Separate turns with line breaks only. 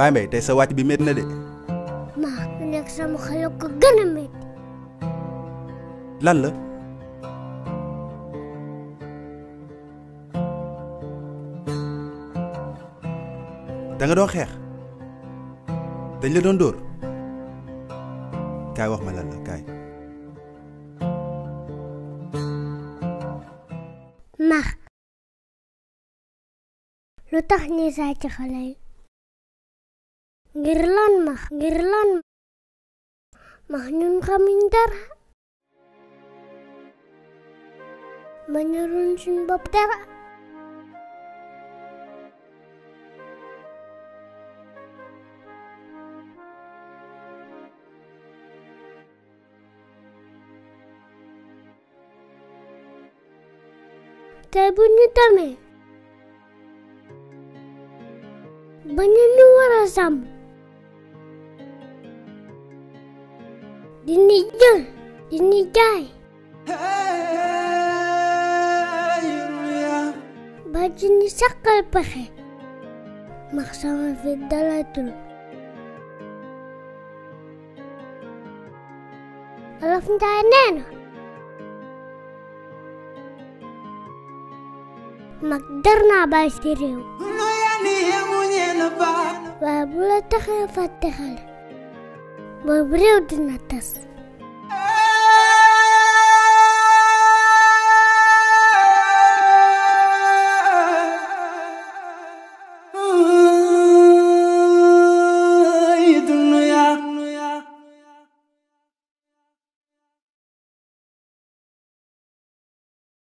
Baye Mbaye tey sa wàcc bi métti na de.
ma nekk sama xale ko gën a métti. la.
da nga doon xeex dañ la doon dóor kaay wax ma lan la kaay.
ma lu tax ñuy sàcc
xale yi. Gerlan mah, gerlan
nyun kamindar. Menurun sin bab tera. Tabunyu tame. Banyak nuara sama. Dini Jun, Dini Jai. Baju ni sakal pakai. Maksama vidala tu. Alaf ntar neno. Magdarna ba si ya Babula ta kaya fatihal. Бобрил Динатас.